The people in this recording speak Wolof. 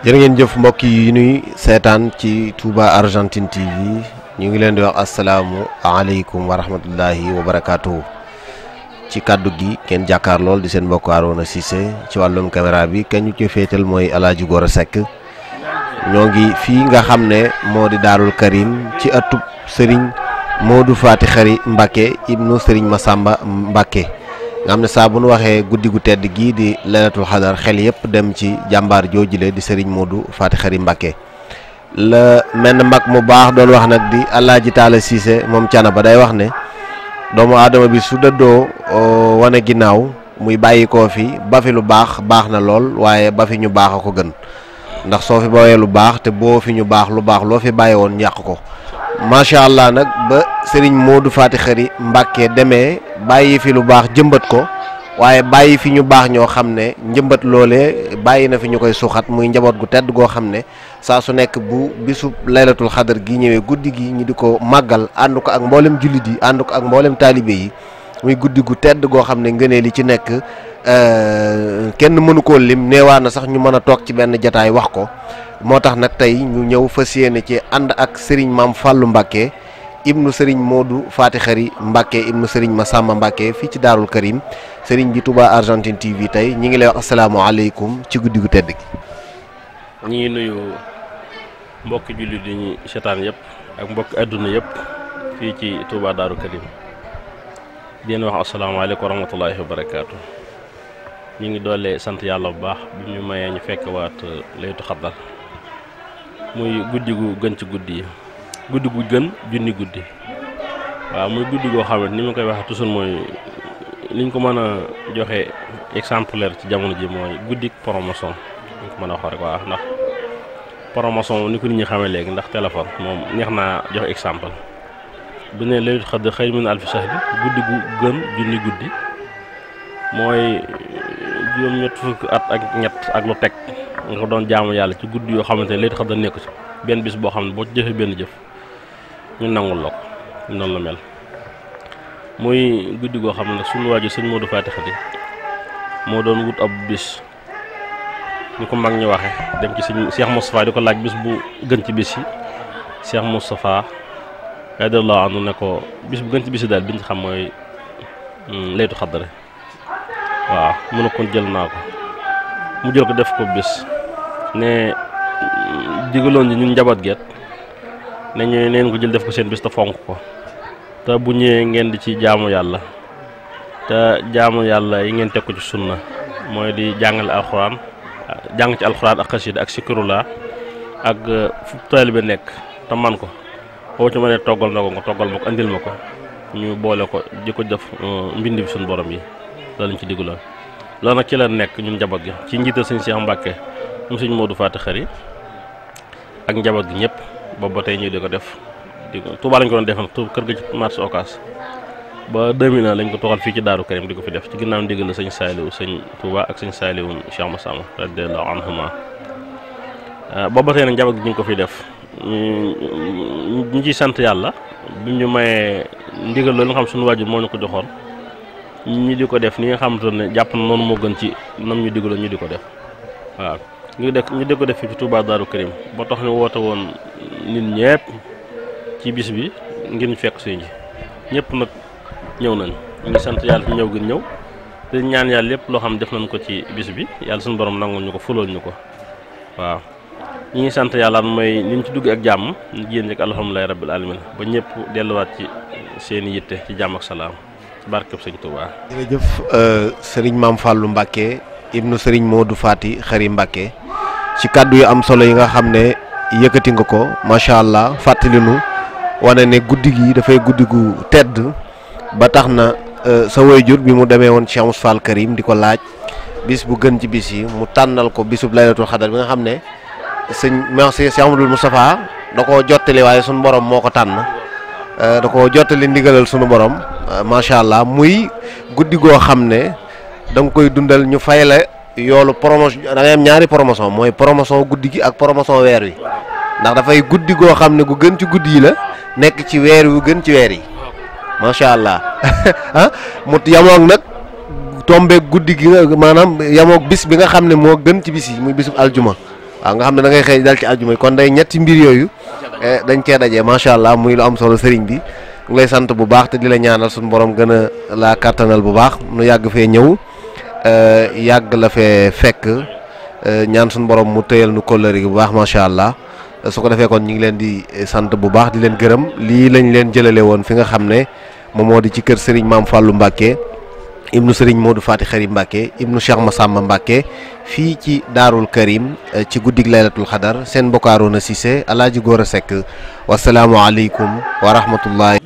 jërë ngeen jëf mbokk yi nuy seetaan ci Touba Argentine TV ñu ngi leen di wax assalaamu aleykum wa rahmatullahi wa ci kàddu gi kenn jàkkaar lool di seen mbokk Aroona Cissé ci wàllum caméra bi kenn ñu ci féetal mooy Alaaji Gora Seck ñoo ngi fii nga xam ne moo di Daarul Karim ci ëttub sëriñ moo Modou Faty Khary Mbacké ibnu sëriñ sàmba Mbacké nga xam ne saa bu waxee guddi gu tedd gii di laylatul xadar xel yëpp dem ci jàmbaar joojule di sëriñ Modou Faty Khary Mbacké la menn mag mu baax doon wax nag di Alaaji Taala Siise moom cana ba day wax ne doomu aadama bi su dëddoo euh, wane ginnaaw muy bàyyi koo fi ba fi lu baax baax na lool waaye ba fi ñu baax a ko gën ndax soo fi bawee lu baax te boo fi ñu baax lu baax loo fi bàyyi woon yàq ko macha allah nag sëriñ du faati Khary Mbacké demee bàyyi fi lu baax jëmbat ko waaye bàyyi fi ñu baax ñoo xam ne njëmbat loole bàyyi na fi ñu koy suuxat muy njaboot gu tedd goo xam ne saa su nekk bu bisu laylatul xadar gi ñëwee guddi gi ñi di ko màggal ànd ko ak mboolem jullit yi ànd ko ak mboolem taalibe yi muy guddi gu tedd goo xam ne ngëneel li ci nekk euh, kenn mënu koo lim neewaa na sax ñu mën a toog ci benn jataay wax ko moo tax nag tey ñu ñëw fas yéene ci ànd ak sëriñ maam Fallou Mbacké ibnu sëriñ Modou Faati Xari Mbacke ibnu sëriñ sàmm Mbacke fii ci Daarul Karim sëriñ bi Touba Argentine TV tey ñi ngi lay wax asalaamaaleykum ci guddi gu tedd gi. ñu ngi nuyu mbokki jullit yi ñu seetaan yëpp ak mbokki àdduna yëpp fii ci Touba Daarul Karim di leen wax asalaamaaleykum wa rahmatullahi wa barakaatu. ñu ngi doole sant yàlla bu baax bi ñu mayee ñu fekk waat uh, laytu xaddar muy guddi gu gën ci guddi yi. guddi gu gën junni guddi waaw muy guddi goo xam ni ma koy waxee toujours mooy liñ ko mën a joxe exemplaire ci jamono ji mooy guddi promotion liñ ko mën a wax ndax promotion ni ko nit ñi xamee léegi ndax téléphone moom neex naa joxe exemple bu ne laylatul xadr xëy mu alfi sax bi guddi gu gën junni guddi mooy juróom ñett fukk at ak ñett ak lu teg nga ko doon jaamu yàlla ci guddi yoo xamante ne laylatul xadr nekku ci benn bis boo xam ne boo ci jëfee benn jëf ñu nangu la ko noonu la mel muy guddi goo xam ne suñu waaju sëñ Modou Faty Khady moo doon wut ab bis ñu ko mag ñu waxe dem ci sëñ Cheikh Moustapha di ko laaj bis bu gën ci bis yi Cheikh Moustapha radiyallahu anhu ne ko bis bu gën ci bis yi daal bi ñu xam mooy hmm, laytu xaddare waaw mu ko mu jël ko def ko bis ne hmm, digaloon ji njaboot geet ne ñu neen ko jël def ko seen bis fonk ko te bu ñëwee ngeen di ci jaamu yàlla te jaamu yàlla yi ngeen teg ko ci sunna mooy di jàngale alxuraan jàng ci alxuraan ak xasida ak sikirula ak uh, fu bi nekk te man ko foo ci ma ne toggal na ko toggal ma ko indil ma ko ñu boole ko di ko def uh, mbind bi suñu borom yi loolu lañ ci digguloon loolu nag ci la nekk ñu njaboot gi ci njiital sëñ Cheikh Mbacke mu moo du Faty Khary ak njaboot gi ñëpp boobu ba tey ñii di ko def di ko Touba lañ ko doon defal kër ga ci marché Ocass ba 2000 lañ ko toxal fii ci Daaru Karim di ko fi def ci ginnaaw ndigal la sëñ Saaliw sëñ Touba ak sëñ Saaliw Cheikh Massamba radiyallahu anhuma ah, boobu ba tey nag njaboot gi ñu ngi ko fi def ñu ciy sant yàlla bi ñu mayee ndigal loolu nga xam suñu waajur moo ñu ko joxoon ñi di ko def ni nga xamante ne jàpp na noonu moo gën ci nam ñu digaloon ñu di ko def waaw ñu dëkk ñu dëkk def fii ci Touba Darou Karim tax ñu woote woon nit ñëpp ci bis bi ngir ñu fekk suñu ji ñëpp nag ñëw nañ ñu ngi sant yàlla fi ñëw gi ñëw te ñaan yàlla lépp loo xam def nañ ko ci bis bi yàlla suñ borom nangul ñu ko fulool ñu ko waaw ñu ngi sant yàlla mooy ni ñu ci dugg ak jàmm ñu génn ak alhamdulilahi rabbil alamin ba ñëpp delluwaat ci seeni yitte ci jàmm ak salaam ci barkeb sëñ Touba. jërëjëf euh, Serigne Mame Fallou Mbacké ibnu Serigne Modou Fati Xari ci kàddu yu am solo yi nga xam ne yëkkati nga ko macha allah fàttali nu wane ne guddi gi dafay guddi gu tedd ba tax na euh, sa jur bi mu demee woon Cheikh Moussa Fall Karim di ko laaj bis bu gën ci bis yi mu tànnal ko bisub laylatul xadar bi nga xam ne sëñ merci Cheikh Amadou Moustapha da koo jottali waaye sunu borom moo ko tànn euh, da koo jottali ndigalal sunu borom euh, macha allah muy guddi goo xam ne da koy dundal ñu fay la yoolu promotion da ngay am ñaari promotion mooy promotion guddi gi ak promotion weer wi ndax dafay guddi goo xam ne gu gën ci guddi yi la nekk ci weer wu gën ci weer yi macha allah ah mu yamoog nag tombeeg guddi gi maanaam yamoog bis bi nga xam ne moo gën ci bis yi muy bisu aljuma waaw nga xam ne da ngay xëy dal ci aljuma kon day ñetti mbir yooyu eh, dañ cee dajee macha allah muy lu am solo sëriñ bi ngi lay sant bu baax te di la ñaanal suñu borom gën a laa kattanal bu baax nu yàgg fee ñëw. Euh, yàgg la fee fekk euh, ñaan suñu borom mu tëyal nu kóllëre gi bu baax macha allah su ko defee kon ñu ngi leen di eh, sant bu baax di leen gërëm lii lañ leen jëlalee woon fi nga xam ne moom moo di ci kër sëriñ Maam Fallou Mbacke ibnu Serigne Modou Fati Xari Mbacke ibnu ma sàmm Mbacke fii ci Daarul Karim eh, ci guddig laylatul xadar seen bokkaaroon a Cissé alaaji góor a sekk wasalaamualeykum wa rahmatullahi